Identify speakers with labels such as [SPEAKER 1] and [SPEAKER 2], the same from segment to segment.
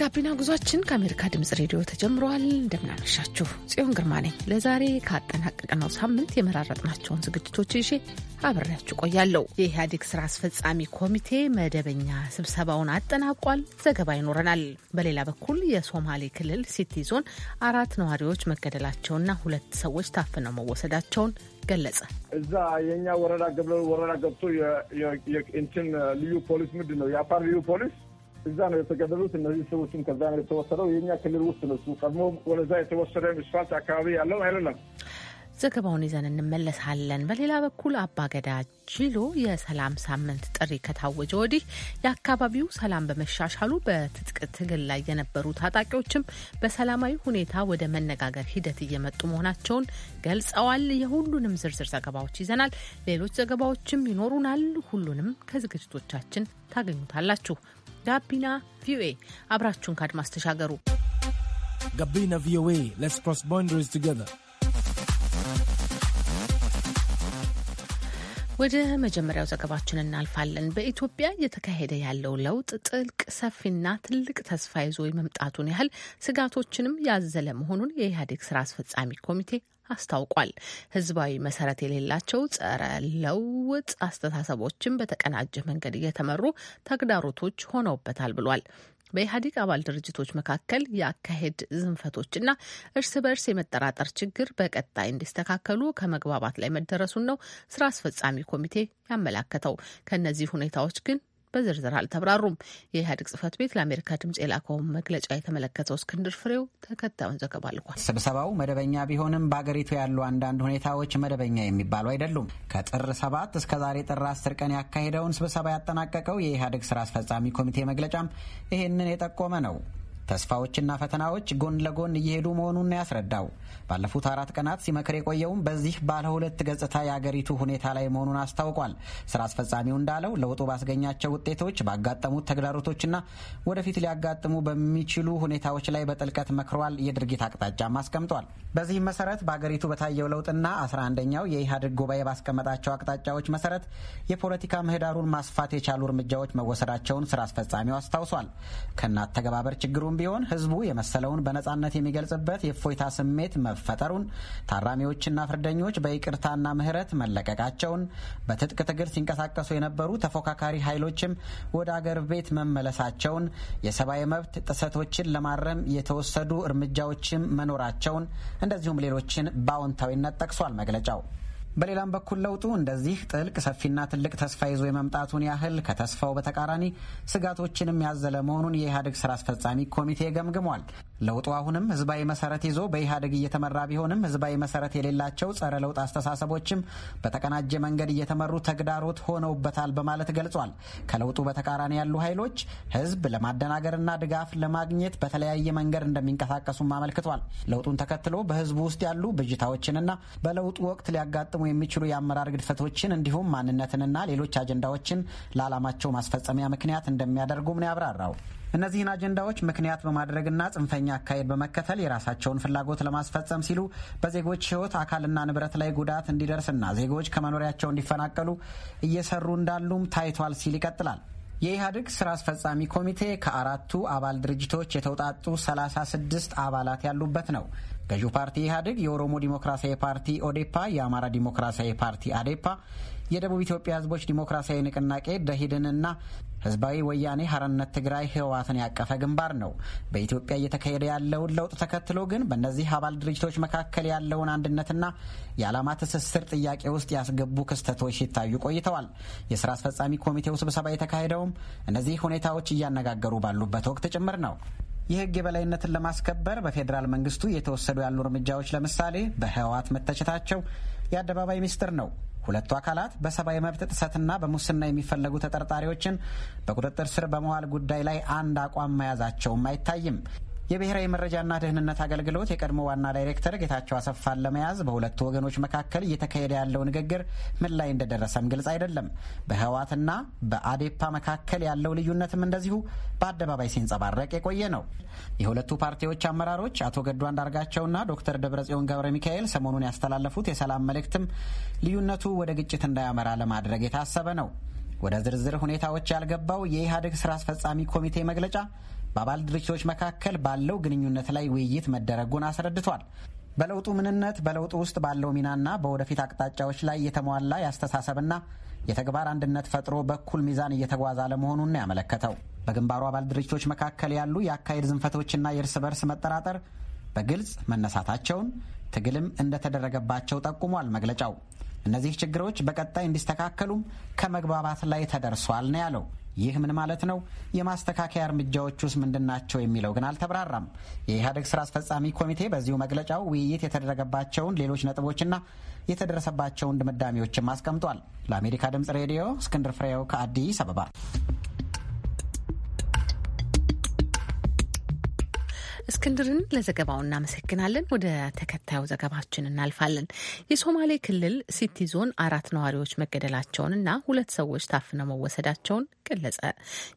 [SPEAKER 1] የጋቢና ጉዟችን ከአሜሪካ ድምጽ ሬዲዮ ተጀምረዋል። እንደምናመሻችሁ ጽዮን ግርማ ነኝ። ለዛሬ ካጠናቀቅነው ሳምንት የመራረጥናቸውን ዝግጅቶች ይዤ አብሬያችሁ ቆያለሁ። የኢህአዴግ ስራ አስፈጻሚ ኮሚቴ መደበኛ ስብሰባውን አጠናቋል። ዘገባ ይኖረናል። በሌላ በኩል የሶማሌ ክልል ሲቲ ዞን አራት ነዋሪዎች መገደላቸውና ሁለት ሰዎች ታፍነው መወሰዳቸውን ገለጸ።
[SPEAKER 2] እዛ የእኛ ወረዳ ገብለ ወረዳ ገብቶ እንትን ልዩ ፖሊስ ምንድን ነው የአፋር ልዩ ፖሊስ እዛ ነው የተገደሉት። እነዚህ ሰዎችም ከዛ ነው የተወሰደው። የኛ ክልል ውስጥ ነሱ ቀድሞ ወደዛ የተወሰደ ስፋልት አካባቢ ያለው አይደለም።
[SPEAKER 1] ዘገባውን ይዘን እንመለሳለን። በሌላ በኩል አባገዳ ጂሎ የሰላም ሳምንት ጥሪ ከታወጀ ወዲህ የአካባቢው ሰላም በመሻሻሉ በትጥቅ ትግል ላይ የነበሩ ታጣቂዎችም በሰላማዊ ሁኔታ ወደ መነጋገር ሂደት እየመጡ መሆናቸውን ገልጸዋል። የሁሉንም ዝርዝር ዘገባዎች ይዘናል። ሌሎች ዘገባዎችም ይኖሩናል። ሁሉንም ከዝግጅቶቻችን ታገኙታላችሁ። ጋቢና ቪኦኤ አብራችሁን ከአድማስ ተሻገሩ።
[SPEAKER 3] ጋቢና ቪኦኤ ሌትስ ክሮስ ቦንደሪስ ቱጌዘር።
[SPEAKER 1] ወደ መጀመሪያው ዘገባችን እናልፋለን። በኢትዮጵያ እየተካሄደ ያለው ለውጥ ጥልቅ ሰፊና ትልቅ ተስፋ ይዞ የመምጣቱን ያህል ስጋቶችንም ያዘለ መሆኑን የኢህአዴግ ስራ አስፈጻሚ ኮሚቴ አስታውቋል። ህዝባዊ መሰረት የሌላቸው ጸረ ለውጥ አስተሳሰቦችን በተቀናጀ መንገድ እየተመሩ ተግዳሮቶች ሆነውበታል ብሏል። በኢህአዴግ አባል ድርጅቶች መካከል የአካሄድ ዝንፈቶችና እርስ በርስ የመጠራጠር ችግር በቀጣይ እንዲስተካከሉ ከመግባባት ላይ መደረሱን ነው ስራ አስፈጻሚ ኮሚቴ ያመላከተው። ከእነዚህ ሁኔታዎች ግን በዝርዝር አልተብራሩም። የኢህአዴግ ጽህፈት ቤት ለአሜሪካ ድምጽ የላከውን መግለጫ የተመለከተው እስክንድር ፍሬው ተከታዩን ዘገባ ልኳል።
[SPEAKER 4] ስብሰባው መደበኛ ቢሆንም በአገሪቱ ያሉ አንዳንድ ሁኔታዎች መደበኛ የሚባሉ አይደሉም። ከጥር ሰባት እስከ ዛሬ ጥር አስር ቀን ያካሄደውን ስብሰባ ያጠናቀቀው የኢህአዴግ ስራ አስፈጻሚ ኮሚቴ መግለጫም ይህንን የጠቆመ ነው። ተስፋዎችና ፈተናዎች ጎን ለጎን እየሄዱ መሆኑን ያስረዳው ባለፉት አራት ቀናት ሲመክር የቆየውም በዚህ ባለ ሁለት ገጽታ የአገሪቱ ሁኔታ ላይ መሆኑን አስታውቋል። ስራ አስፈጻሚው እንዳለው ለውጡ ባስገኛቸው ውጤቶች፣ ባጋጠሙት ተግዳሮቶችና ወደፊት ሊያጋጥሙ በሚችሉ ሁኔታዎች ላይ በጥልቀት መክሯል። የድርጊት አቅጣጫም አስቀምጧል። በዚህም መሰረት በአገሪቱ በታየው ለውጥና አስራ አንደኛው የኢህአዴግ ጉባኤ ባስቀመጣቸው አቅጣጫዎች መሰረት የፖለቲካ ምህዳሩን ማስፋት የቻሉ እርምጃዎች መወሰዳቸውን ስራ አስፈጻሚው አስታውሷል። ከእናት ተገባበር ችግሩን ቢሆን ህዝቡ የመሰለውን በነጻነት የሚገልጽበት የእፎይታ ስሜት መፈጠሩን፣ ታራሚዎችና ፍርደኞች በይቅርታና ምህረት መለቀቃቸውን፣ በትጥቅ ትግል ሲንቀሳቀሱ የነበሩ ተፎካካሪ ኃይሎችም ወደ አገር ቤት መመለሳቸውን፣ የሰብአዊ መብት ጥሰቶችን ለማረም የተወሰዱ እርምጃዎችም መኖራቸውን እንደዚሁም ሌሎችን በአዎንታዊነት ጠቅሷል መግለጫው። በሌላም በኩል ለውጡ እንደዚህ ጥልቅ ሰፊና ትልቅ ተስፋ ይዞ የመምጣቱን ያህል ከተስፋው በተቃራኒ ስጋቶችንም ያዘለ መሆኑን የኢህአዴግ ስራ አስፈጻሚ ኮሚቴ ገምግሟል። ለውጡ አሁንም ህዝባዊ መሰረት ይዞ በኢህአዴግ እየተመራ ቢሆንም ህዝባዊ መሰረት የሌላቸው ጸረ ለውጥ አስተሳሰቦችም በተቀናጀ መንገድ እየተመሩ ተግዳሮት ሆነውበታል በማለት ገልጿል። ከለውጡ በተቃራኒ ያሉ ኃይሎች ህዝብ ለማደናገርና ድጋፍ ለማግኘት በተለያየ መንገድ እንደሚንቀሳቀሱም አመልክቷል። ለውጡን ተከትሎ በህዝቡ ውስጥ ያሉ ብዥታዎችንና በለውጡ ወቅት ሊያጋጥሙ የሚችሉ የአመራር ግድፈቶችን እንዲሁም ማንነትንና ሌሎች አጀንዳዎችን ለዓላማቸው ማስፈጸሚያ ምክንያት እንደሚያደርጉም ነው ያብራራው። እነዚህን አጀንዳዎች ምክንያት በማድረግና ጽንፈኛ አካሄድ በመከተል የራሳቸውን ፍላጎት ለማስፈጸም ሲሉ በዜጎች ሕይወት አካልና ንብረት ላይ ጉዳት እንዲደርስና ዜጎች ከመኖሪያቸው እንዲፈናቀሉ እየሰሩ እንዳሉም ታይቷል ሲል ይቀጥላል። የኢህአዴግ ስራ አስፈጻሚ ኮሚቴ ከአራቱ አባል ድርጅቶች የተውጣጡ 36 ስድስት አባላት ያሉበት ነው። ገዢው ፓርቲ ኢህአዴግ፣ የኦሮሞ ዲሞክራሲያዊ ፓርቲ ኦዴፓ፣ የአማራ ዲሞክራሲያዊ ፓርቲ አዴፓ፣ የደቡብ ኢትዮጵያ ህዝቦች ዲሞክራሲያዊ ንቅናቄ ደሂድንና ህዝባዊ ወያኔ ሀርነት ትግራይ ህወሓትን ያቀፈ ግንባር ነው። በኢትዮጵያ እየተካሄደ ያለውን ለውጥ ተከትሎ ግን በእነዚህ አባል ድርጅቶች መካከል ያለውን አንድነትና የዓላማ ትስስር ጥያቄ ውስጥ ያስገቡ ክስተቶች ሲታዩ ቆይተዋል። የስራ አስፈጻሚ ኮሚቴው ስብሰባ የተካሄደውም እነዚህ ሁኔታዎች እያነጋገሩ ባሉበት ወቅት ጭምር ነው። የህግ የበላይነትን ለማስከበር በፌዴራል መንግስቱ እየተወሰዱ ያሉ እርምጃዎች ለምሳሌ በህወሓት መተቸታቸው የአደባባይ ሚስጥር ነው። ሁለቱ አካላት በሰብአዊ መብት ጥሰትና በሙስና የሚፈለጉ ተጠርጣሪዎችን በቁጥጥር ስር በመዋል ጉዳይ ላይ አንድ አቋም መያዛቸውም አይታይም። የብሔራዊ መረጃና ደህንነት አገልግሎት የቀድሞ ዋና ዳይሬክተር ጌታቸው አሰፋን ለመያዝ በሁለቱ ወገኖች መካከል እየተካሄደ ያለው ንግግር ምን ላይ እንደደረሰም ግልጽ አይደለም። በህወሓትና በአዴፓ መካከል ያለው ልዩነትም እንደዚሁ በአደባባይ ሲንጸባረቅ የቆየ ነው። የሁለቱ ፓርቲዎች አመራሮች አቶ ገዱ አንዳርጋቸውና ዶክተር ደብረጽዮን ገብረ ሚካኤል ሰሞኑን ያስተላለፉት የሰላም መልእክትም ልዩነቱ ወደ ግጭት እንዳያመራ ለማድረግ የታሰበ ነው። ወደ ዝርዝር ሁኔታዎች ያልገባው የኢህአዴግ ስራ አስፈጻሚ ኮሚቴ መግለጫ በአባል ድርጅቶች መካከል ባለው ግንኙነት ላይ ውይይት መደረጉን አስረድቷል። በለውጡ ምንነት፣ በለውጡ ውስጥ ባለው ሚናና በወደፊት አቅጣጫዎች ላይ የተሟላ የአስተሳሰብና የተግባር አንድነት ፈጥሮ በኩል ሚዛን እየተጓዘ አለመሆኑን ነው ያመለከተው። በግንባሩ አባል ድርጅቶች መካከል ያሉ የአካሄድ ዝንፈቶችና የእርስ በርስ መጠራጠር በግልጽ መነሳታቸውን፣ ትግልም እንደተደረገባቸው ጠቁሟል መግለጫው። እነዚህ ችግሮች በቀጣይ እንዲስተካከሉም ከመግባባት ላይ ተደርሷል ነው ያለው። ይህ ምን ማለት ነው? የማስተካከያ እርምጃዎች ውስጥ ምንድን ናቸው የሚለው ግን አልተብራራም። የኢህአዴግ ስራ አስፈጻሚ ኮሚቴ በዚሁ መግለጫው ውይይት የተደረገባቸውን ሌሎች ነጥቦችና የተደረሰባቸውን ድምዳሜዎችም አስቀምጧል። ለአሜሪካ ድምጽ ሬዲዮ እስክንድር ፍሬው ከአዲስ አበባ
[SPEAKER 1] እስክንድርን ለዘገባው እናመሰግናለን። ወደ ተከታዩ ዘገባችን እናልፋለን። የሶማሌ ክልል ሲቲ ዞን አራት ነዋሪዎች መገደላቸውን እና ሁለት ሰዎች ታፍነው መወሰዳቸውን ገለጸ።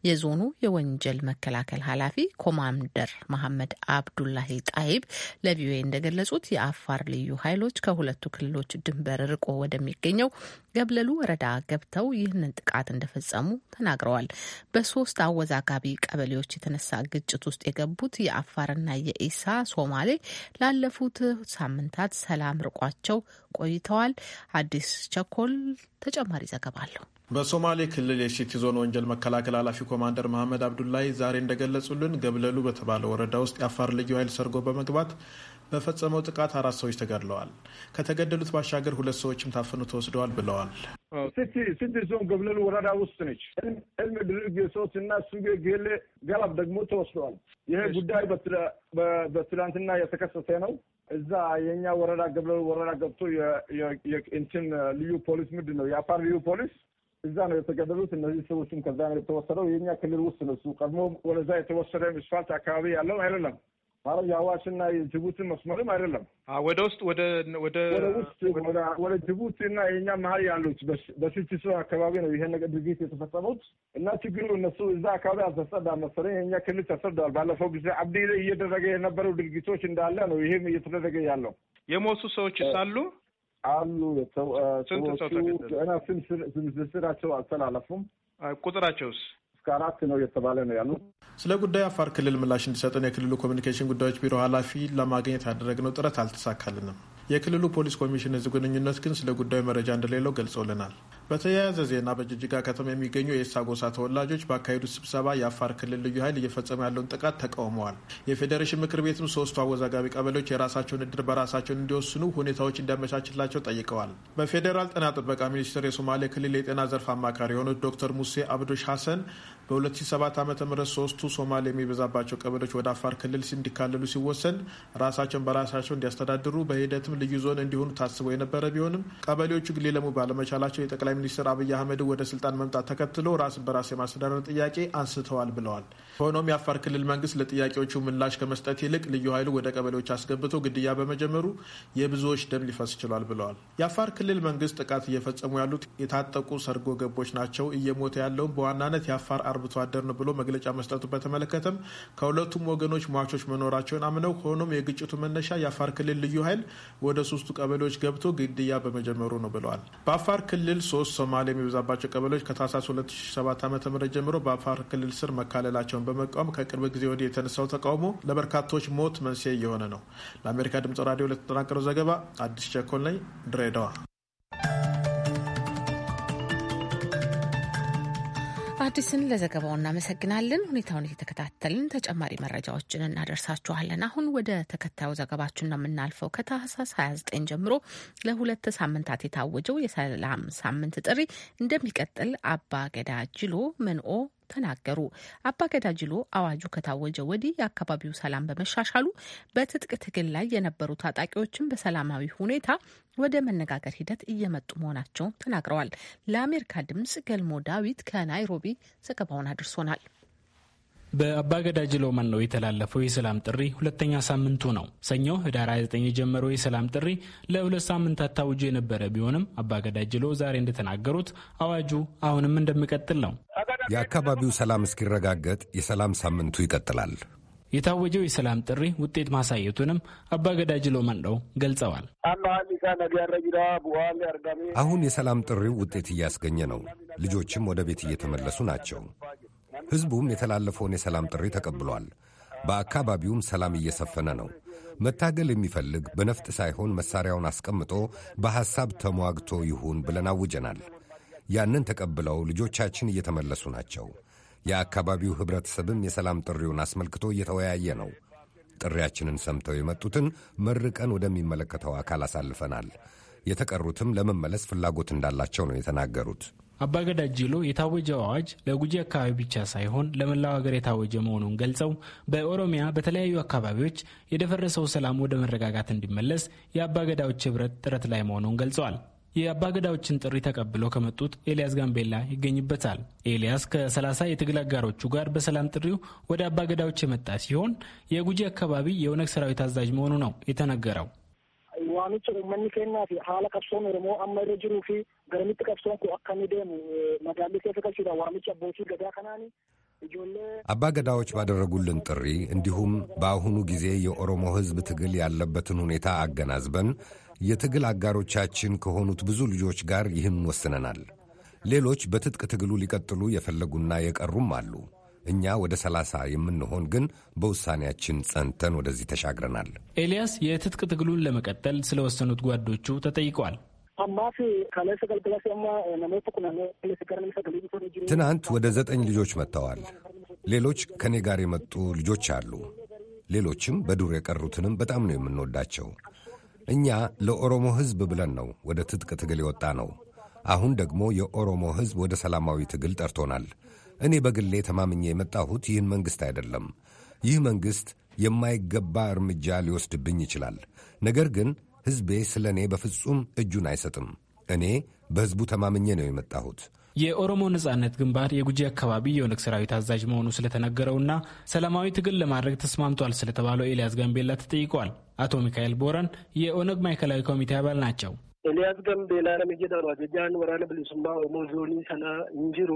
[SPEAKER 1] የዞኑ የወንጀል መከላከል ኃላፊ ኮማንደር መሐመድ አብዱላሂ ጣይብ ለቪኦኤ እንደገለጹት የአፋር ልዩ ኃይሎች ከሁለቱ ክልሎች ድንበር ርቆ ወደሚገኘው ገብለሉ ወረዳ ገብተው ይህንን ጥቃት እንደፈጸሙ ተናግረዋል። በሶስት አወዛጋቢ ቀበሌዎች የተነሳ ግጭት ውስጥ የገቡት የአፋርና የኢሳ ሶማሌ ላለፉት ሳምንታት ሰላም ርቋቸው ቆይተዋል። አዲስ ቸኮል ተጨማሪ ዘገባ አለው።
[SPEAKER 5] በሶማሌ ክልል የሲቲ ዞን ወንጀል መከላከል ኃላፊ ኮማንደር መሐመድ አብዱላይ ዛሬ እንደገለጹልን ገብለሉ በተባለ ወረዳ ውስጥ የአፋር ልዩ ኃይል ሰርጎ በመግባት በፈጸመው ጥቃት አራት ሰዎች ተገድለዋል። ከተገደሉት ባሻገር ሁለት ሰዎችም ታፍኑ ተወስደዋል ብለዋል።
[SPEAKER 2] ስቲ ዞን ገብለሉ ወረዳ ውስጥ ነች። እልም ድርግ ጌሶች እና ሱጌ ጌሌ ገላብ ደግሞ ተወስደዋል። ይሄ ጉዳይ በትላንትና የተከሰተ ነው። እዛ የኛ ወረዳ ገብለሉ ወረዳ ገብቶ እንትን ልዩ ፖሊስ ምንድን ነው የአፋር ልዩ ፖሊስ እዛ ነው የተገደሉት። እነዚህ ሰዎችም ከዛ ነው የተወሰደው። የኛ ክልል ውስጥ ነሱ ቀድሞ ወደዛ የተወሰደ ስፋልት አካባቢ ያለው አይደለም ማለት የአዋሽና የጅቡቲ መስመርም አይደለም።
[SPEAKER 5] ወደ ውስጥ ወደ ወደ ውስጥ
[SPEAKER 2] ወደ ጅቡቲ እና የኛ መሀል ያሉት በሲቲሱ አካባቢ ነው ይሄን ነገር ድርጊት የተፈጸሙት እና ችግሩ እነሱ እዛ አካባቢ አልተሰዳ መሰለኝ የኛ ክልል ተሰደዋል። ባለፈው ጊዜ አብዲ እየደረገ የነበረው ድርጊቶች እንዳለ ነው ይሄም እየተደረገ ያለው። የሞቱ ሰዎች ሳሉ አሉ። ገና ስም ዝርዝራቸው አልተላለፉም። ቁጥራቸውስ እስከ አራት ነው የተባለ ነው ያሉት
[SPEAKER 5] ስለ ጉዳዩ አፋር ክልል ምላሽ እንዲሰጠን የክልሉ ኮሚኒኬሽን ጉዳዮች ቢሮ ኃላፊ ለማግኘት ያደረግነው ጥረት አልተሳካልንም። የክልሉ ፖሊስ ኮሚሽን ህዝብ ግንኙነት ግን ስለ ጉዳዩ መረጃ እንደሌለው ገልጾልናል። በተያያዘ ዜና በጅጅጋ ከተማ የሚገኙ የኤሳ ጎሳ ተወላጆች ባካሄዱት ስብሰባ የአፋር ክልል ልዩ ኃይል እየፈጸመ ያለውን ጥቃት ተቃውመዋል። የፌዴሬሽን ምክር ቤትም ሶስቱ አወዛጋቢ ቀበሌዎች የራሳቸውን እድር በራሳቸውን እንዲወስኑ ሁኔታዎች እንዲያመቻችላቸው ጠይቀዋል። በፌዴራል ጤና ጥበቃ ሚኒስቴር የሶማሌ ክልል የጤና ዘርፍ አማካሪ የሆኑት ዶክተር ሙሴ አብዶሽ ሐሰን በ2007 ዓ ም ሶስቱ ሶማሌ የሚበዛባቸው ቀበሌዎች ወደ አፋር ክልል እንዲካለሉ ሲወሰን ራሳቸውን በራሳቸው እንዲያስተዳድሩ በሂደትም ልዩ ዞን እንዲሆኑ ታስበው የነበረ ቢሆንም ቀበሌዎቹ ሊለሙ ባለመቻላቸው የጠቅላይ ሚኒስትር አብይ አህመድ ወደ ስልጣን መምጣት ተከትሎ ራስን በራስ የማስተዳደር ጥያቄ አንስተዋል ብለዋል። ሆኖም የአፋር ክልል መንግስት ለጥያቄዎቹ ምላሽ ከመስጠት ይልቅ ልዩ ኃይሉ ወደ ቀበሌዎች አስገብቶ ግድያ በመጀመሩ የብዙዎች ደም ሊፈስ ችሏል ብለዋል። የአፋር ክልል መንግስት ጥቃት እየፈጸሙ ያሉት የታጠቁ ሰርጎ ገቦች ናቸው። እየሞተ ያለውም በዋናነት የአፋር አርብቶ አደር ነው ብሎ መግለጫ መስጠቱ በተመለከተም ከሁለቱም ወገኖች ሟቾች መኖራቸውን አምነው ሆኖም የግጭቱ መነሻ የአፋር ክልል ልዩ ኃይል ወደ ሶስቱ ቀበሌዎች ገብቶ ግድያ በመጀመሩ ነው ብለዋል። በአፋር ክልል ሶስት ሶማሌ የሚበዛባቸው ቀበሌዎች ከታህሳስ 2007 ዓ.ም ጀምሮ በአፋር ክልል ስር መካለላቸውን በመቃወም ከቅርብ ጊዜ ወዲህ የተነሳው ተቃውሞ ለበርካቶች ሞት መንስኤ እየሆነ ነው። ለአሜሪካ ድምጽ ራዲዮ ለተጠናቀረው ዘገባ አዲስ ቸኮል ላይ ድሬዳዋ
[SPEAKER 1] አዲስን ለዘገባው እናመሰግናለን። ሁኔታውን እየተከታተልን ተጨማሪ መረጃዎችን እናደርሳችኋለን። አሁን ወደ ተከታዩ ዘገባችን ነው የምናልፈው። ከታህሳስ 29 ጀምሮ ለሁለት ሳምንታት የታወጀው የሰላም ሳምንት ጥሪ እንደሚቀጥል አባ ገዳ ጅሎ መንኦ ተናገሩ። አባ ገዳ ጅሎ አዋጁ ከታወጀ ወዲህ የአካባቢው ሰላም በመሻሻሉ በትጥቅ ትግል ላይ የነበሩ ታጣቂዎችን በሰላማዊ ሁኔታ ወደ መነጋገር ሂደት እየመጡ መሆናቸውን ተናግረዋል። ለአሜሪካ ድምጽ ገልሞ ዳዊት ከናይሮቢ ዘገባውን አድርሶናል።
[SPEAKER 6] በአባገዳ ጅሎመን ነው የተላለፈው የሰላም ጥሪ ሁለተኛ ሳምንቱ ነው። ሰኞ ህዳር 29 የጀመረው የሰላም ጥሪ ለሁለት ሳምንታት ታውጆ የነበረ ቢሆንም አባገዳ ጅሎ ዛሬ እንደተናገሩት አዋጁ አሁንም እንደሚቀጥል ነው። የአካባቢው ሰላም
[SPEAKER 7] እስኪረጋገጥ የሰላም ሳምንቱ ይቀጥላል።
[SPEAKER 6] የታወጀው የሰላም ጥሪ ውጤት
[SPEAKER 7] ማሳየቱንም አባገዳ ጅሎ መንደው ገልጸዋል። አሁን የሰላም ጥሪው ውጤት እያስገኘ ነው። ልጆችም ወደ ቤት እየተመለሱ ናቸው። ሕዝቡም የተላለፈውን የሰላም ጥሪ ተቀብሏል። በአካባቢውም ሰላም እየሰፈነ ነው። መታገል የሚፈልግ በነፍጥ ሳይሆን መሳሪያውን አስቀምጦ በሐሳብ ተሟግቶ ይሁን ብለን አውጀናል። ያንን ተቀብለው ልጆቻችን እየተመለሱ ናቸው። የአካባቢው ኅብረተሰብም የሰላም ጥሪውን አስመልክቶ እየተወያየ ነው። ጥሪያችንን ሰምተው የመጡትን መርቀን ወደሚመለከተው አካል አሳልፈናል። የተቀሩትም ለመመለስ ፍላጎት እንዳላቸው ነው የተናገሩት።
[SPEAKER 6] አባገዳ ጅሎ የታወጀው አዋጅ ለጉጂ አካባቢ ብቻ ሳይሆን ለመላው ሀገር የታወጀ መሆኑን ገልጸው በኦሮሚያ በተለያዩ አካባቢዎች የደፈረሰው ሰላም ወደ መረጋጋት እንዲመለስ የአባገዳዎች ህብረት ጥረት ላይ መሆኑን ገልጸዋል። የአባገዳዎችን ጥሪ ተቀብለው ከመጡት ኤልያስ ጋምቤላ ይገኝበታል። ኤልያስ ከሰላሳ የትግል አጋሮቹ ጋር በሰላም ጥሪው ወደ አባገዳዎች የመጣ ሲሆን የጉጂ አካባቢ የኦነግ ሰራዊት አዛዥ መሆኑ ነው የተነገረው።
[SPEAKER 2] ዋኑጭ መኒኬና ሀላ ቀብሶን ኦሮሞ አማረ
[SPEAKER 8] ጅሩፊ garamitti qabsoon kun akka inni deemu magaalli keessa qabsiidha waamichi abbootii gadaa kanaani
[SPEAKER 7] አባ ገዳዎች ባደረጉልን ጥሪ እንዲሁም በአሁኑ ጊዜ የኦሮሞ ሕዝብ ትግል ያለበትን ሁኔታ አገናዝበን የትግል አጋሮቻችን ከሆኑት ብዙ ልጆች ጋር ይህን ወስነናል። ሌሎች በትጥቅ ትግሉ ሊቀጥሉ የፈለጉና የቀሩም አሉ። እኛ ወደ ሰላሳ የምንሆን ግን በውሳኔያችን ጸንተን ወደዚህ ተሻግረናል።
[SPEAKER 6] ኤልያስ የትጥቅ ትግሉን ለመቀጠል ስለወሰኑት ጓዶቹ ተጠይቋል።
[SPEAKER 7] ትናንት ወደ ዘጠኝ ልጆች መጥተዋል። ሌሎች ከእኔ ጋር የመጡ ልጆች አሉ። ሌሎችም በዱር የቀሩትንም በጣም ነው የምንወዳቸው። እኛ ለኦሮሞ ሕዝብ ብለን ነው ወደ ትጥቅ ትግል የወጣ ነው። አሁን ደግሞ የኦሮሞ ሕዝብ ወደ ሰላማዊ ትግል ጠርቶናል። እኔ በግሌ ተማምኜ የመጣሁት ይህን መንግሥት አይደለም። ይህ መንግሥት የማይገባ እርምጃ ሊወስድብኝ ይችላል። ነገር ግን ሕዝቤ ስለ እኔ በፍጹም እጁን አይሰጥም። እኔ በሕዝቡ ተማምኜ ነው የመጣሁት።
[SPEAKER 6] የኦሮሞ ነጻነት ግንባር የጉጂ አካባቢ የኦነግ ሰራዊት አዛዥ መሆኑ ስለተነገረውና ሰላማዊ ትግል ለማድረግ ተስማምቷል ስለተባለው ኤልያስ ጋምቤላ ተጠይቋል። አቶ ሚካኤል ቦረን የኦነግ ማዕከላዊ ኮሚቴ አባል ናቸው።
[SPEAKER 2] ኤልያስ ጋምቤላ ለመጀዳሯ ጃን ወራነ ብሊሱማ ኦሞ ዞኒ ሰና እንጅሩ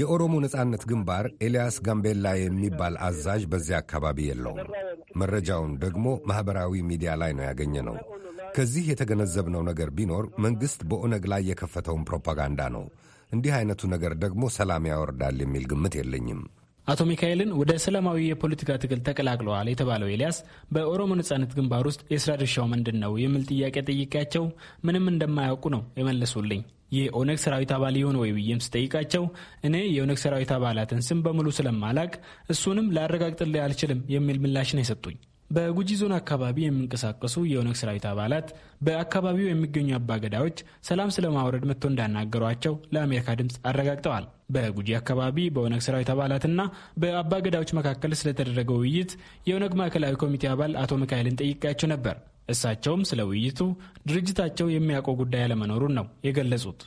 [SPEAKER 2] የኦሮሞ
[SPEAKER 7] ነጻነት ግንባር ኤልያስ ጋምቤላ የሚባል አዛዥ በዚያ አካባቢ የለውም። መረጃውን ደግሞ ማኅበራዊ ሚዲያ ላይ ነው ያገኘነው። ከዚህ የተገነዘብነው ነገር ቢኖር መንግሥት በኦነግ ላይ የከፈተውን ፕሮፓጋንዳ ነው። እንዲህ አይነቱ ነገር ደግሞ ሰላም ያወርዳል የሚል ግምት የለኝም።
[SPEAKER 6] አቶ ሚካኤልን ወደ ሰላማዊ የፖለቲካ ትግል ተቀላቅለዋል የተባለው ኤልያስ በኦሮሞ ነጻነት ግንባር ውስጥ የስራ ድርሻው ምንድን ነው የሚል ጥያቄ ጠይቄያቸው ምንም እንደማያውቁ ነው የመለሱልኝ። የኦነግ ሰራዊት አባል የሆነ ወይ ብዬም ስጠይቃቸው እኔ የኦነግ ሰራዊት አባላትን ስም በሙሉ ስለማላቅ እሱንም ላረጋግጥልህ አልችልም የሚል ምላሽ ነው የሰጡኝ። በጉጂ ዞን አካባቢ የሚንቀሳቀሱ የኦነግ ሰራዊት አባላት በአካባቢው የሚገኙ አባገዳዎች ሰላም ስለማውረድ መጥቶ እንዳናገሯቸው ለአሜሪካ ድምፅ አረጋግጠዋል። በጉጂ አካባቢ በኦነግ ሰራዊት አባላትና በአባገዳዎች መካከል ስለተደረገው ውይይት የኦነግ ማዕከላዊ ኮሚቴ አባል አቶ ሚካኤልን ጠይቄያቸው ነበር። እሳቸውም ስለ ውይይቱ ድርጅታቸው የሚያውቀው ጉዳይ አለመኖሩን ነው የገለጹት።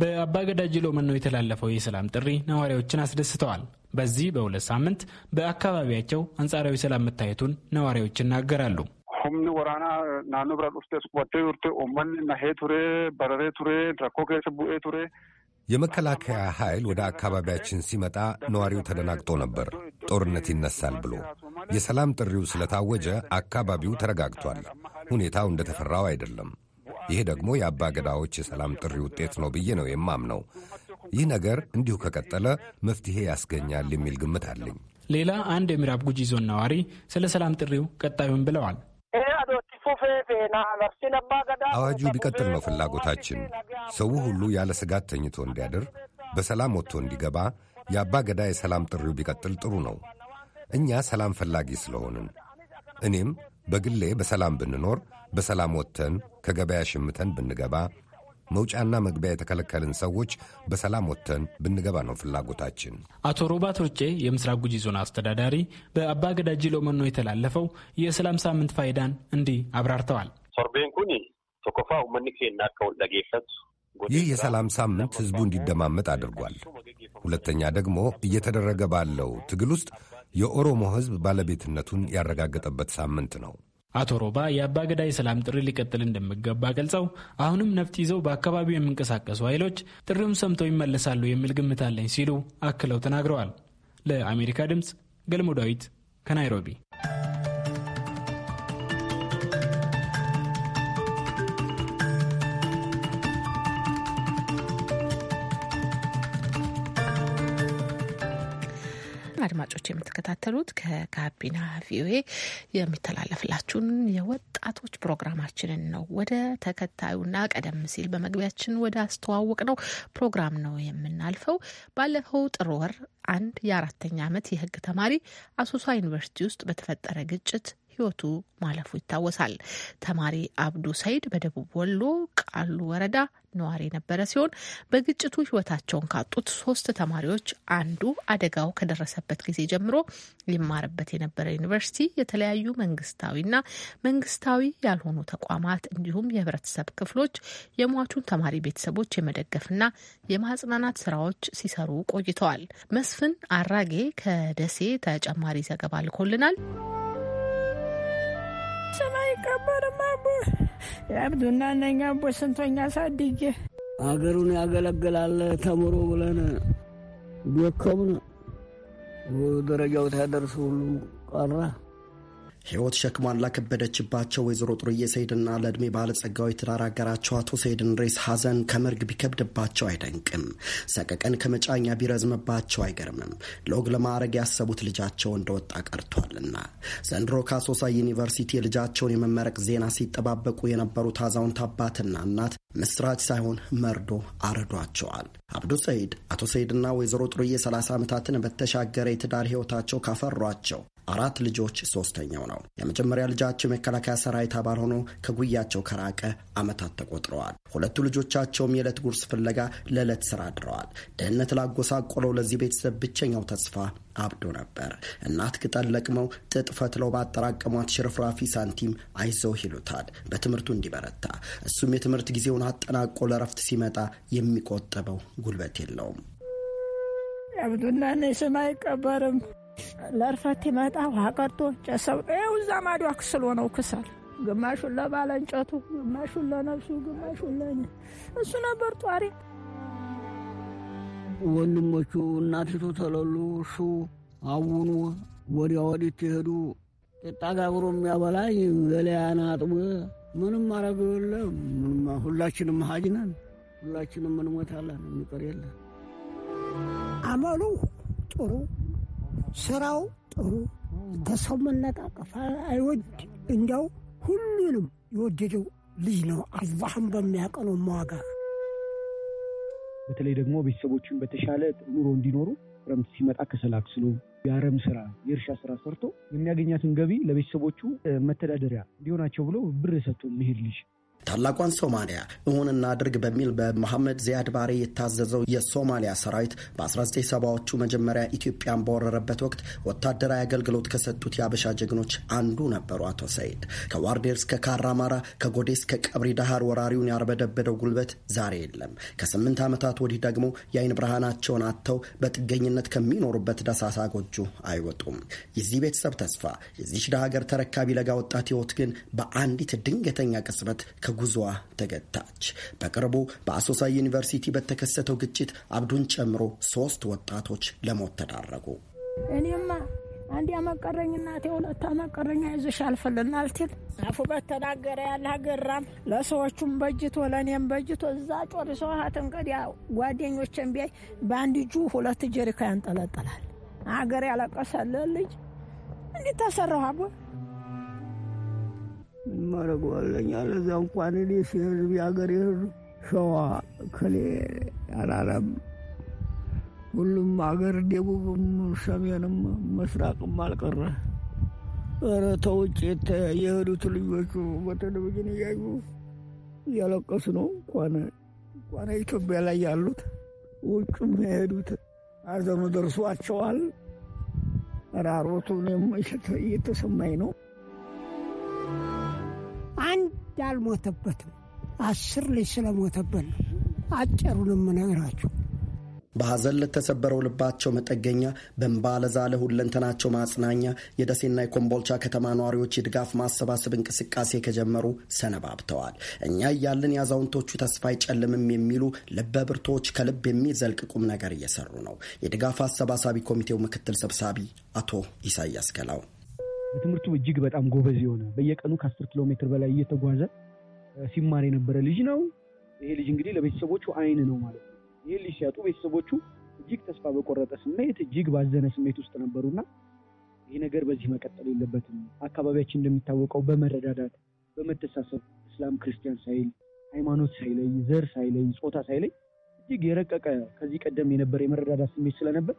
[SPEAKER 6] በአባገዳጅ ሎመን መኖ የተላለፈው የሰላም ጥሪ ነዋሪዎችን አስደስተዋል። በዚህ በሁለት ሳምንት በአካባቢያቸው አንጻራዊ ሰላም መታየቱን ነዋሪዎች ይናገራሉ።
[SPEAKER 2] ሁምኒ ወራና ናኖ bira dhufte suphattee turte uummanni nahee ture bararee ture rakkoo keessa bu'ee ture
[SPEAKER 7] የመከላከያ ኃይል ወደ አካባቢያችን ሲመጣ ነዋሪው ተደናግጦ ነበር፣ ጦርነት ይነሳል ብሎ። የሰላም ጥሪው ስለታወጀ አካባቢው ተረጋግቷል። ሁኔታው እንደተፈራው አይደለም። ይሄ ደግሞ የአባ ገዳዎች የሰላም ጥሪ ውጤት ነው ብዬ ነው የማምነው። ይህ ነገር እንዲሁ ከቀጠለ መፍትሄ ያስገኛል የሚል ግምት አለኝ። ሌላ አንድ የምዕራብ ጉጂ ዞን ነዋሪ ስለ ሰላም ጥሪው ቀጣዩን ብለዋል። አዋጁ ቢቀጥል ነው ፍላጎታችን። ሰው ሁሉ ያለ ስጋት ተኝቶ እንዲያድር፣ በሰላም ወጥቶ እንዲገባ የአባ ገዳ የሰላም ጥሪው ቢቀጥል ጥሩ ነው። እኛ ሰላም ፈላጊ ስለሆንን እኔም በግሌ በሰላም ብንኖር፣ በሰላም ወጥተን ከገበያ ሽምተን ብንገባ፣ መውጫና መግቢያ የተከለከልን ሰዎች በሰላም ወጥተን ብንገባ ነው ፍላጎታችን።
[SPEAKER 6] አቶ ሮባት ሩጬ የምስራቅ ጉጂ ዞን አስተዳዳሪ በአባ ገዳጂ ሎመኖ የተላለፈው የሰላም ሳምንት ፋይዳን እንዲህ አብራርተዋል። ሶርቤን ኩኒ ቶኮፋ ለጌፈት
[SPEAKER 7] ይህ የሰላም ሳምንት ህዝቡ እንዲደማመጥ አድርጓል። ሁለተኛ ደግሞ እየተደረገ ባለው ትግል ውስጥ የኦሮሞ ህዝብ ባለቤትነቱን ያረጋገጠበት ሳምንት ነው።
[SPEAKER 6] አቶ ሮባ የአባገዳ የሰላም ጥሪ ሊቀጥል እንደሚገባ ገልጸው አሁንም ነፍጥ ይዘው በአካባቢው የሚንቀሳቀሱ ኃይሎች ጥሪውን ሰምተው ይመለሳሉ የሚል ግምት አለኝ ሲሉ አክለው ተናግረዋል። ለአሜሪካ ድምፅ ገልሞ ዳዊት ከናይሮቢ
[SPEAKER 1] አድማጮች የምትከታተሉት ከጋቢና ቪኦኤ የሚተላለፍላችሁን የወጣቶች ፕሮግራማችንን ነው። ወደ ተከታዩና ቀደም ሲል በመግቢያችን ወደ አስተዋወቅ ነው ፕሮግራም ነው የምናልፈው። ባለፈው ጥር ወር አንድ የአራተኛ ዓመት የሕግ ተማሪ አሶሳ ዩኒቨርሲቲ ውስጥ በተፈጠረ ግጭት ህይወቱ ማለፉ ይታወሳል። ተማሪ አብዱ ሰይድ በደቡብ ወሎ ቃሉ ወረዳ ነዋሪ የነበረ ሲሆን በግጭቱ ህይወታቸውን ካጡት ሶስት ተማሪዎች አንዱ አደጋው ከደረሰበት ጊዜ ጀምሮ ሊማርበት የነበረ ዩኒቨርሲቲ የተለያዩ መንግስታዊና መንግስታዊ ያልሆኑ ተቋማት እንዲሁም የህብረተሰብ ክፍሎች የሟቹን ተማሪ ቤተሰቦች የመደገፍና የማጽናናት ስራዎች ሲሰሩ ቆይተዋል። መስፍን አራጌ ከደሴ ተጨማሪ ዘገባ ልኮልናል።
[SPEAKER 9] ሰማይ አይቀበርም። አቦ የአብዱና ነኛ አቦ ስንቶኛ ሳድጌ አገሩን ያገለግላል ተምሮ ብለን ደከምን። ደረጃው ታደርስ ሁሉ ቀራ
[SPEAKER 10] ህይወት ሸክሟን ላከበደችባቸው ወይዘሮ ጥሩዬ ሰይድና ለዕድሜ ባለጸጋዊ ትዳር አጋራቸው አቶ ሰይድን ሬስ ሀዘን ከመርግ ቢከብድባቸው አይደንቅም። ሰቀቀን ከመጫኛ ቢረዝምባቸው አይገርምም። ለወግ ለማዕረግ ያሰቡት ልጃቸው እንደወጣ ቀርቷልና ዘንድሮ ከአሶሳ ዩኒቨርሲቲ ልጃቸውን የመመረቅ ዜና ሲጠባበቁ የነበሩት አዛውንት አባትና እናት ምስራች ሳይሆን መርዶ አርዷቸዋል። አብዱ ሰይድ አቶ ሰይድና ወይዘሮ ጥሩዬ 30 ዓመታትን በተሻገረ የትዳር ሕይወታቸው ካፈሯቸው አራት ልጆች ሶስተኛው ነው። የመጀመሪያ ልጃቸው የመከላከያ ሰራዊት አባል ሆኖ ከጉያቸው ከራቀ ዓመታት ተቆጥረዋል። ሁለቱ ልጆቻቸውም የዕለት ጉርስ ፍለጋ ለዕለት ስራ አድረዋል። ደህንነት ላጎሳቆለው ለዚህ ቤተሰብ ብቸኛው ተስፋ አብዶ ነበር። እናት ቅጠል ለቅመው ጥጥ ፈትለው ባጠራቀሟት ሽርፍራፊ ሳንቲም አይዞህ ይሉታል። በትምህርቱ እንዲበረታ እሱም የትምህርት ጊዜውን አጠናቆ ለረፍት ሲመጣ የሚቆጠበው ጉልበት የለውም።
[SPEAKER 9] አብዱና ነ ስም አይቀበርም። ለርፈት ይመጣ ውሃ ቀርቶ ጨሰው ይኸው እዛ ማዶ አክስሎ ነው ክሳል ግማሹን ለባለ እንጨቱ፣ ግማሹን ለነፍሱ፣ ግማሹን ለእኛ እሱ ነበር ጧሪ ወንድሞቹ እናቲቱ ተለሉ፣ እሱ አውኑ ወዲያ ወዲህ ትሄዱ ቂጣ ጋግሮ የሚያበላኝ ገለያን አጥቦ ምንም አረገ የለም። ሁላችንም ሀጅ ነን፣ ሁላችንም እንሞታለን፣ የሚቀር የለ። አመሉ ጥሩ፣ ስራው ጥሩ፣ በሰው መነቃቀፍ አይወድ እንዲያው ሁሉንም የወደደው ልጅ ነው። አላህም በሚያቀነው መዋጋ
[SPEAKER 8] በተለይ ደግሞ ቤተሰቦችን በተሻለ ኑሮ እንዲኖሩ ክረምት ሲመጣ ከሰላክስሎ የአረም ስራ፣ የእርሻ ስራ ሰርቶ የሚያገኛትን ገቢ ለቤተሰቦቹ መተዳደሪያ እንዲሆናቸው ብሎ ብር ሰጥቶ የሚሄድ ልጅ
[SPEAKER 10] ታላቋን ሶማሊያ እሁንና እናድርግ በሚል በመሐመድ ዚያድ ባሬ የታዘዘው የሶማሊያ ሰራዊት በ1970ዎቹ መጀመሪያ ኢትዮጵያን በወረረበት ወቅት ወታደራዊ አገልግሎት ከሰጡት የአበሻ ጀግኖች አንዱ ነበሩ አቶ ሰይድ። ከዋርዴር እስከ ካራማራ፣ ከጎዴ እስከ ቀብሪ ዳሃር ወራሪውን ያርበደበደው ጉልበት ዛሬ የለም። ከስምንት ዓመታት ወዲህ ደግሞ የአይን ብርሃናቸውን አጥተው በጥገኝነት ከሚኖሩበት ደሳሳ ጎጆ አይወጡም። የዚህ ቤተሰብ ተስፋ የዚች ድሀ ሀገር ተረካቢ ለጋ ወጣት ህይወት ግን በአንዲት ድንገተኛ ቅጽበት ጉዟ ተገታች። በቅርቡ በአሶሳ ዩኒቨርሲቲ በተከሰተው ግጭት አብዱን ጨምሮ ሶስት ወጣቶች ለሞት ተዳረጉ።
[SPEAKER 9] እኔማ አንድ ያመቀረኝ እናቴ፣ ሁለት አመቀረኛ ቀረኝ አልፈልና አልትል አፉ በተናገረ ያለ ሀገራም ለሰዎቹም በጅቶ ለእኔም በጅቶ እዛ ጮር ሰውሀት እንግዲያ ጓደኞችን ቢያይ በአንድ እጁ ሁለት ጀሪካ ያንጠለጥላል። አገር ያለቀሰለ ልጅ ተሰራሁ አቦ አረገዋለኝ አለ። እዛ እንኳን እኔ ሲህዝብ የሀገር የህዝብ ሸዋ ክሌ አላለም። ሁሉም አገር ደቡብም፣ ሰሜንም መስራቅም አልቀረ። ኧረ ተውጭ የሄዱት ልጆቹ በቴሌቪዥን እያዩ እያለቀሱ ነው። እንኳን እንኳን ኢትዮጵያ ላይ ያሉት ውጭም የሄዱት አዘኑ ደርሷቸዋል። ራሮቱ ራሮቱንም እየተሰማኝ ነው። አንድ አልሞተበትም። አስር ልጅ ስለሞተበት ነው። አጭሩንም ነግራችሁ
[SPEAKER 10] በሐዘን ለተሰበረው ልባቸው መጠገኛ በእንባ ለዛለ ሁለንተናቸው ማጽናኛ የደሴና የኮምቦልቻ ከተማ ነዋሪዎች የድጋፍ ማሰባሰብ እንቅስቃሴ ከጀመሩ ሰነባብተዋል። እኛ እያለን የአዛውንቶቹ ተስፋ አይጨልምም የሚሉ ልበ ብርቶች ከልብ የሚዘልቅ ቁም ነገር እየሰሩ ነው። የድጋፍ አሰባሳቢ ኮሚቴው ምክትል ሰብሳቢ አቶ ኢሳያስ
[SPEAKER 8] ገላው በትምህርቱ እጅግ በጣም ጎበዝ የሆነ በየቀኑ ከአስር ኪሎ ሜትር በላይ እየተጓዘ ሲማር የነበረ ልጅ ነው። ይሄ ልጅ እንግዲህ ለቤተሰቦቹ አይን ነው ማለት ነው። ይሄ ልጅ ሲያጡ ቤተሰቦቹ እጅግ ተስፋ በቆረጠ ስሜት፣ እጅግ ባዘነ ስሜት ውስጥ ነበሩና ይህ ነገር በዚህ መቀጠል የለበትም። አካባቢያችን እንደሚታወቀው በመረዳዳት በመተሳሰብ እስላም ክርስቲያን ሳይል ሃይማኖት ሳይለይ ዘር ሳይለይ ጾታ ሳይለይ እጅግ የረቀቀ ከዚህ ቀደም የነበረ የመረዳዳት ስሜት ስለነበር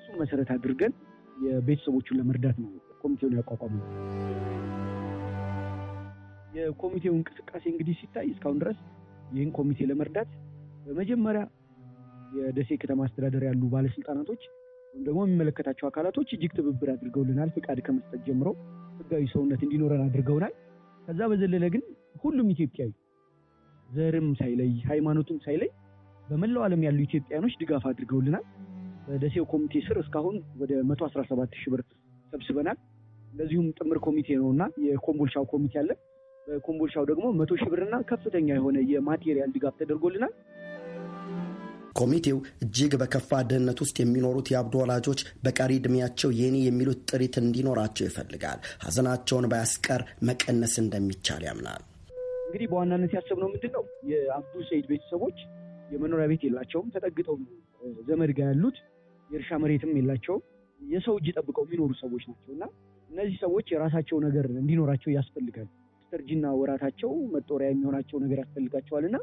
[SPEAKER 8] እሱ መሰረት አድርገን የቤተሰቦቹን ለመርዳት ነው ኮሚቴውን ያቋቋሙ የኮሚቴው እንቅስቃሴ እንግዲህ ሲታይ እስካሁን ድረስ ይህን ኮሚቴ ለመርዳት በመጀመሪያ የደሴ ከተማ አስተዳደር ያሉ ባለስልጣናቶች ወይም ደግሞ የሚመለከታቸው አካላቶች እጅግ ትብብር አድርገውልናል። ፍቃድ ከመስጠት ጀምሮ ህጋዊ ሰውነት እንዲኖረን አድርገውናል። ከዛ በዘለለ ግን ሁሉም ኢትዮጵያዊ ዘርም ሳይለይ ሃይማኖትም ሳይለይ በመላው ዓለም ያሉ ኢትዮጵያኖች ድጋፍ አድርገውልናል። በደሴው ኮሚቴ ስር እስካሁን ወደ 117 ሺህ ብር ሰብስበናል። እንደዚሁም ጥምር ኮሚቴ ነው እና የኮምቦልሻው ኮሚቴ አለ። በኮምቦልሻው ደግሞ መቶ ሺህ ብርና ከፍተኛ የሆነ የማቴሪያል ድጋፍ ተደርጎልናል።
[SPEAKER 10] ኮሚቴው እጅግ በከፋ ድህነት ውስጥ የሚኖሩት የአብዱ ወላጆች በቀሪ ዕድሜያቸው የኔ የሚሉት ጥሪት እንዲኖራቸው ይፈልጋል። ሀዘናቸውን ባያስቀር መቀነስ እንደሚቻል ያምናል።
[SPEAKER 8] እንግዲህ በዋናነት ያሰብነው ምንድን ነው የአብዱ ሰይድ ቤተሰቦች የመኖሪያ ቤት የላቸውም። ተጠግጠው ዘመድ ጋር ያሉት የእርሻ መሬትም የላቸው የሰው እጅ ጠብቀው የሚኖሩ ሰዎች ናቸው እና እነዚህ ሰዎች የራሳቸው ነገር እንዲኖራቸው ያስፈልጋል። ስተርጅና ወራታቸው መጦሪያ የሚሆናቸው ነገር ያስፈልጋቸዋል እና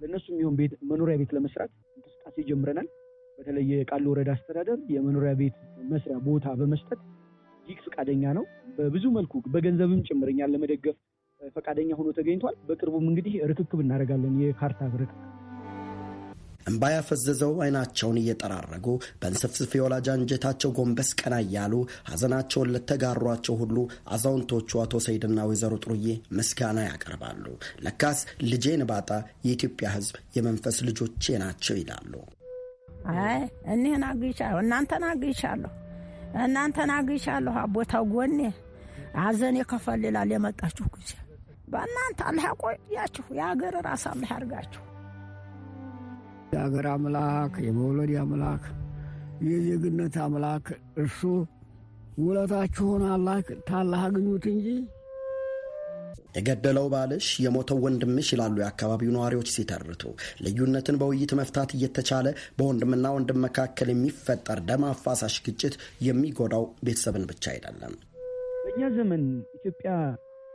[SPEAKER 8] ለእነሱ የሚሆን መኖሪያ ቤት ለመስራት እንቅስቃሴ ጀምረናል። በተለይ የቃል ወረዳ አስተዳደር የመኖሪያ ቤት መስሪያ ቦታ በመስጠት ይህ ፈቃደኛ ነው። በብዙ መልኩ በገንዘብም ጭምር ለመደገፍ ፈቃደኛ ሆኖ ተገኝቷል። በቅርቡም እንግዲህ ርክክብ እናደርጋለን የካርታ ርክክብ
[SPEAKER 10] እምባ ያፈዘዘው አይናቸውን እየጠራረጉ በእንስፍስፍ የወላጅ አንጀታቸው ጎንበስ ቀና እያሉ ሀዘናቸውን ለተጋሯቸው ሁሉ አዛውንቶቹ አቶ ሰይድና ወይዘሮ ጥሩዬ ምስጋና ያቀርባሉ። ለካስ ልጄን ባጣ የኢትዮጵያ ሕዝብ የመንፈስ ልጆቼ ናቸው ይላሉ።
[SPEAKER 9] አይ እኔን አግኝቻለሁ፣ እናንተን አግኝቻለሁ፣ እናንተን አግኝቻለሁ። አቦታው ጎኔ አዘን የከፈል ይላል የመጣችሁ ጊዜ በእናንተ አላህ ቆያችሁ፣ የሀገር ራስ አላህ ያርጋችሁ። የአገር አምላክ፣ የመውለድ አምላክ፣ የዜግነት አምላክ እርሱ ውለታችሁን አላክ ታላህ አግኙት እንጂ
[SPEAKER 10] የገደለው ባልሽ የሞተው ወንድምሽ ይላሉ የአካባቢው ነዋሪዎች ሲተርቱ። ልዩነትን በውይይት መፍታት እየተቻለ በወንድምና ወንድም መካከል የሚፈጠር ደም አፋሳሽ ግጭት የሚጎዳው ቤተሰብን ብቻ አይደለም።
[SPEAKER 8] በእኛ ዘመን ኢትዮጵያ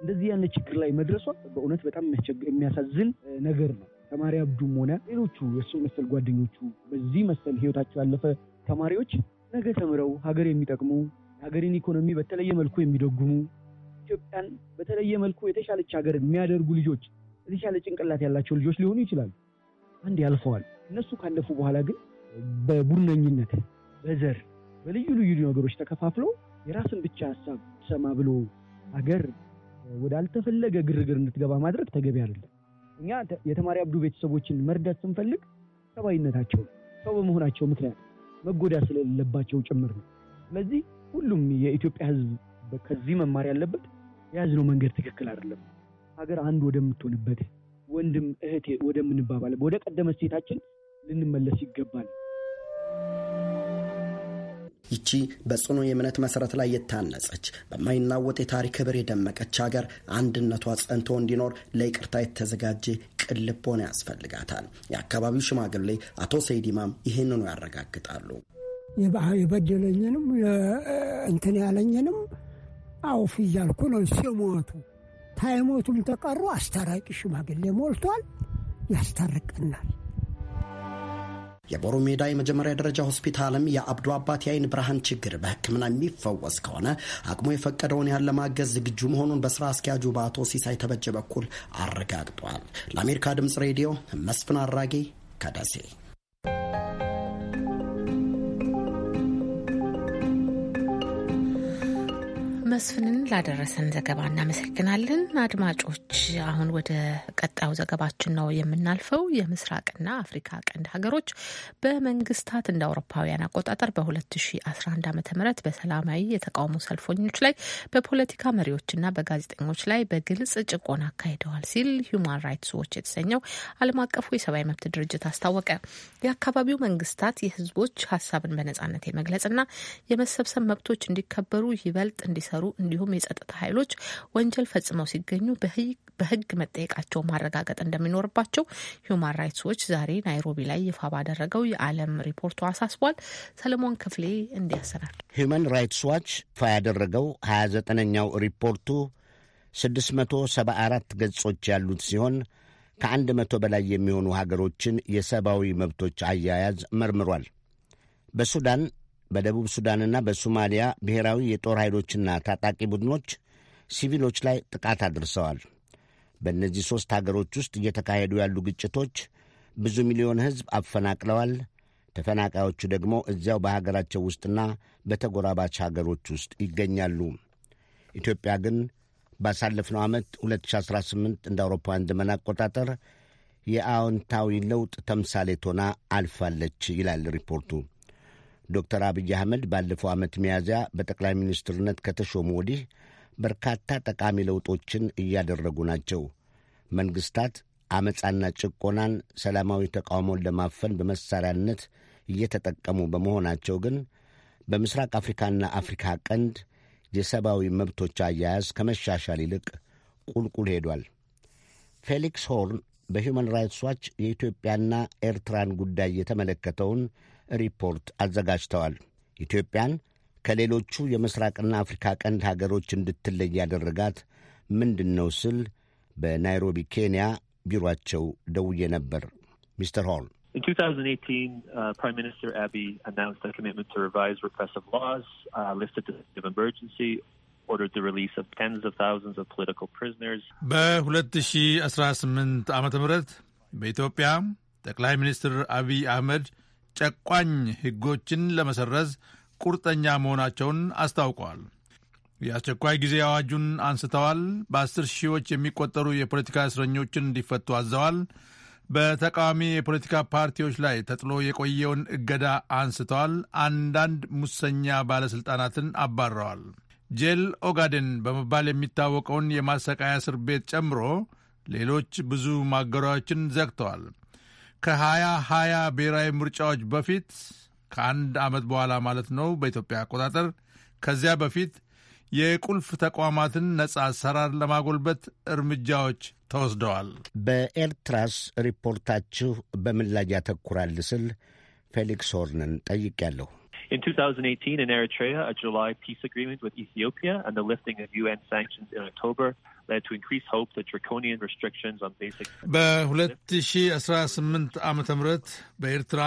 [SPEAKER 8] እንደዚህ ያለ ችግር ላይ መድረሷ በእውነት በጣም የሚያሳዝን ነገር ነው። ተማሪ አብዱም ሆነ ሌሎቹ የእሱ መሰል ጓደኞቹ በዚህ መሰል ህይወታቸው ያለፈ ተማሪዎች ነገ ተምረው ሀገር የሚጠቅሙ የሀገርን ኢኮኖሚ በተለየ መልኩ የሚደጉሙ ኢትዮጵያን በተለየ መልኩ የተሻለች ሀገር የሚያደርጉ ልጆች የተሻለ ጭንቅላት ያላቸው ልጆች ሊሆኑ ይችላሉ። አንድ ያልፈዋል። እነሱ ካለፉ በኋላ ግን በቡድነኝነት በዘር በልዩ ልዩ ነገሮች ተከፋፍሎ የራስን ብቻ ሀሳብ ሰማ ብሎ ሀገር ወዳልተፈለገ ግርግር እንድትገባ ማድረግ ተገቢ አይደለም። እኛ የተማሪ አብዱ ቤተሰቦችን መርዳት ስንፈልግ ሰብአዊነታቸው ሰው በመሆናቸው ምክንያት መጎዳ ስለሌለባቸው ጭምር ነው። ስለዚህ ሁሉም የኢትዮጵያ ህዝብ ከዚህ መማር ያለበት የያዝነው መንገድ ትክክል አይደለም። ሀገር አንድ ወደምትሆንበት ወንድም እህቴ ወደምንባባለ ወደ ቀደመ ሴታችን ልንመለስ ይገባል።
[SPEAKER 10] ይቺ በጽኑ የእምነት መሰረት ላይ የታነጸች በማይናወጥ የታሪክ ክብር የደመቀች ሀገር አንድነቷ ጸንቶ እንዲኖር ለይቅርታ የተዘጋጀ ቅን ያስፈልጋታል። የአካባቢው ሽማግሌ አቶ ሰይዲማም ይህንኑ ያረጋግጣሉ።
[SPEAKER 9] የበደለኝንም እንትን ያለኝንም አውፍ እያልኩ ነው። ሲሞቱ ታይሞቱም ተቀሩ አስታራቂ ሽማግሌ ሞልቷል፣ ያስታርቀናል
[SPEAKER 10] የቦሩ ሜዳ የመጀመሪያ ደረጃ ሆስፒታልም የአብዶ አባት የአይን ብርሃን ችግር በሕክምና የሚፈወስ ከሆነ አቅሙ የፈቀደውን ያህል ለማገዝ ዝግጁ መሆኑን በስራ አስኪያጁ በአቶ ሲሳይ ተበጀ በኩል አረጋግጧል። ለአሜሪካ ድምጽ ሬዲዮ መስፍን አራጌ ከደሴ
[SPEAKER 1] መስፍንን ላደረሰን ዘገባ እናመሰግናለን። አድማጮች፣ አሁን ወደ ቀጣዩ ዘገባችን ነው የምናልፈው። የምስራቅና አፍሪካ ቀንድ ሀገሮች በመንግስታት እንደ አውሮፓውያን አቆጣጠር በ2011 ዓ ም በሰላማዊ የተቃውሞ ሰልፈኞች ላይ በፖለቲካ መሪዎችና በጋዜጠኞች ላይ በግልጽ ጭቆና አካሂደዋል ሲል ሂዩማን ራይትስ ዎች የተሰኘው ዓለም አቀፉ የሰብአዊ መብት ድርጅት አስታወቀ። የአካባቢው መንግስታት የህዝቦች ሀሳብን በነጻነት የመግለጽና የመሰብሰብ መብቶች እንዲከበሩ ይበልጥ እንዲሰሩ ሲሰሩ እንዲሁም የጸጥታ ኃይሎች ወንጀል ፈጽመው ሲገኙ በህግ መጠየቃቸው ማረጋገጥ እንደሚኖርባቸው ሁማን ራይትስ ዎች ዛሬ ናይሮቢ ላይ ይፋ ባደረገው የዓለም ሪፖርቱ አሳስቧል። ሰለሞን ክፍሌ እንዲያሰናል
[SPEAKER 11] ሁማን ራይትስ ዋች ይፋ ያደረገው 29ኛው ሪፖርቱ 674 ገጾች ያሉት ሲሆን ከአንድ መቶ በላይ የሚሆኑ ሀገሮችን የሰብአዊ መብቶች አያያዝ መርምሯል። በሱዳን በደቡብ ሱዳንና በሶማሊያ ብሔራዊ የጦር ኃይሎችና ታጣቂ ቡድኖች ሲቪሎች ላይ ጥቃት አድርሰዋል። በእነዚህ ሦስት አገሮች ውስጥ እየተካሄዱ ያሉ ግጭቶች ብዙ ሚሊዮን ሕዝብ አፈናቅለዋል። ተፈናቃዮቹ ደግሞ እዚያው በሀገራቸው ውስጥና በተጎራባች ሀገሮች ውስጥ ይገኛሉ። ኢትዮጵያ ግን ባሳለፍነው ዓመት 2018 እንደ አውሮፓውያን ዘመን አቆጣጠር የአዎንታዊ ለውጥ ተምሳሌት ሆና አልፋለች ይላል ሪፖርቱ። ዶክተር አብይ አህመድ ባለፈው ዓመት ሚያዝያ በጠቅላይ ሚኒስትርነት ከተሾሙ ወዲህ በርካታ ጠቃሚ ለውጦችን እያደረጉ ናቸው። መንግሥታት አመፃና ጭቆናን፣ ሰላማዊ ተቃውሞን ለማፈን በመሳሪያነት እየተጠቀሙ በመሆናቸው ግን በምስራቅ አፍሪካና አፍሪካ ቀንድ የሰብአዊ መብቶች አያያዝ ከመሻሻል ይልቅ ቁልቁል ሄዷል። ፌሊክስ ሆርን በሂውማን ራይትስ ዋች የኢትዮጵያና ኤርትራን ጉዳይ የተመለከተውን ሪፖርት አዘጋጅተዋል። ኢትዮጵያን ከሌሎቹ የምስራቅና አፍሪካ ቀንድ ሀገሮች እንድትለይ ያደረጋት ምንድን ነው ስል በናይሮቢ ኬንያ ቢሮአቸው ደውዬ ነበር። ሚስተር ሆል
[SPEAKER 1] In 2018, uh, Prime Minister Abiy announced a commitment to revise repressive laws, uh, lifted the state of emergency, ordered the release of tens of thousands of political prisoners.
[SPEAKER 3] በ2018 ዓ.ም በኢትዮጵያ ጠቅላይ ሚኒስትር አብይ አህመድ ጨቋኝ ሕጎችን ለመሰረዝ ቁርጠኛ መሆናቸውን አስታውቀዋል። የአስቸኳይ ጊዜ አዋጁን አንስተዋል። በአስር ሺዎች የሚቆጠሩ የፖለቲካ እስረኞችን እንዲፈቱ አዘዋል። በተቃዋሚ የፖለቲካ ፓርቲዎች ላይ ተጥሎ የቆየውን እገዳ አንስተዋል። አንዳንድ ሙሰኛ ባለሥልጣናትን አባረዋል። ጄል ኦጋዴን በመባል የሚታወቀውን የማሰቃያ እስር ቤት ጨምሮ ሌሎች ብዙ ማገሪያዎችን ዘግተዋል። ከሀያ ሀያ ብሔራዊ ምርጫዎች በፊት ከአንድ ዓመት በኋላ ማለት ነው በኢትዮጵያ አቆጣጠር። ከዚያ በፊት የቁልፍ ተቋማትን ነጻ አሰራር ለማጎልበት እርምጃዎች ተወስደዋል።
[SPEAKER 11] በኤርትራስ ሪፖርታችሁ በምን ላይ ያተኩራል ስል ፌሊክስ ሆርንን ጠይቄያለሁ።
[SPEAKER 1] In 2018 in Eritrea, a July peace agreement with Ethiopia and the lifting of UN sanctions in October በ2018
[SPEAKER 3] ዓ ም በኤርትራ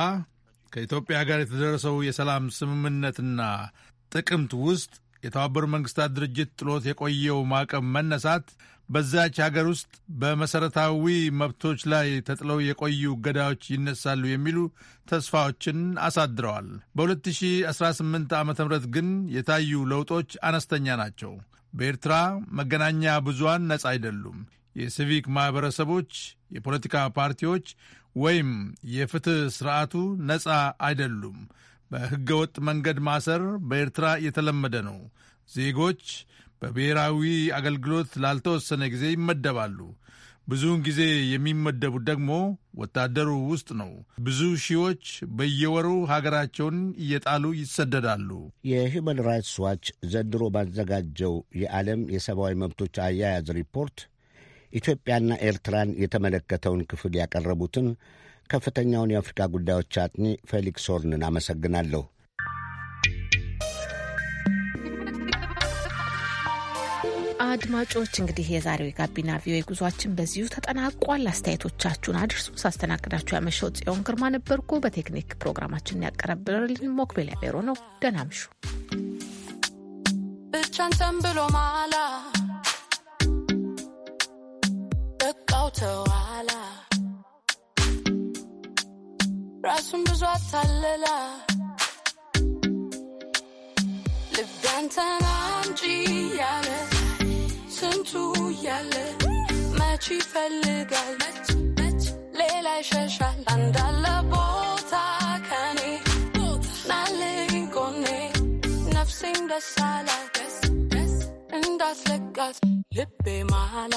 [SPEAKER 3] ከኢትዮጵያ ጋር የተደረሰው የሰላም ስምምነትና ጥቅምት ውስጥ የተባበሩ መንግስታት ድርጅት ጥሎት የቆየው ማዕቀብ መነሳት በዛች ሀገር ውስጥ በመሰረታዊ መብቶች ላይ ተጥለው የቆዩ እገዳዎች ይነሳሉ የሚሉ ተስፋዎችን አሳድረዋል። በ2018 ዓ ም ግን የታዩ ለውጦች አነስተኛ ናቸው። በኤርትራ መገናኛ ብዙሃን ነጻ አይደሉም። የሲቪክ ማኅበረሰቦች፣ የፖለቲካ ፓርቲዎች ወይም የፍትሕ ሥርዓቱ ነጻ አይደሉም። በሕገ ወጥ መንገድ ማሰር በኤርትራ የተለመደ ነው። ዜጎች በብሔራዊ አገልግሎት ላልተወሰነ ጊዜ ይመደባሉ። ብዙውን ጊዜ የሚመደቡት ደግሞ ወታደሩ ውስጥ ነው። ብዙ ሺዎች በየወሩ ሀገራቸውን እየጣሉ ይሰደዳሉ።
[SPEAKER 11] የሂውማን ራይትስ ዋች ዘንድሮ ባዘጋጀው የዓለም የሰብአዊ መብቶች አያያዝ ሪፖርት ኢትዮጵያና ኤርትራን የተመለከተውን ክፍል ያቀረቡትን ከፍተኛውን የአፍሪካ ጉዳዮች አጥኚ ፌሊክስ ሆርንን አመሰግናለሁ።
[SPEAKER 1] አድማጮች እንግዲህ የዛሬው የጋቢና ቪኦኤ ጉዟችን በዚሁ ተጠናቋል። አስተያየቶቻችሁን አድርሱ። ሳስተናግዳችሁ ያመሸው ጽዮን ግርማ ነበርኩ። በቴክኒክ ፕሮግራማችን ያቀረብልን ሞክቤል ያቤሮ ነው። ደናምሹ እቻንተን ብቻን ተንብሎ ማላ በቃው ተዋላ ራሱን ብዙ አታለላ ልቤን አምጪ ያለ ስንቱ እያለ መች ይፈልጋል መች ሌላ ይሸሻል አንዳለ ቦታ ከኔ ናልኝ ጎኔ ነፍሴም ደስ አላት እንዳስለቃት ልቤ ማላ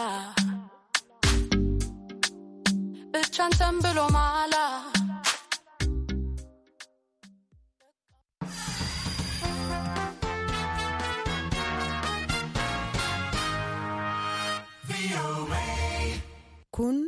[SPEAKER 1] ብቻንተን ብሎ ማላ
[SPEAKER 8] تكن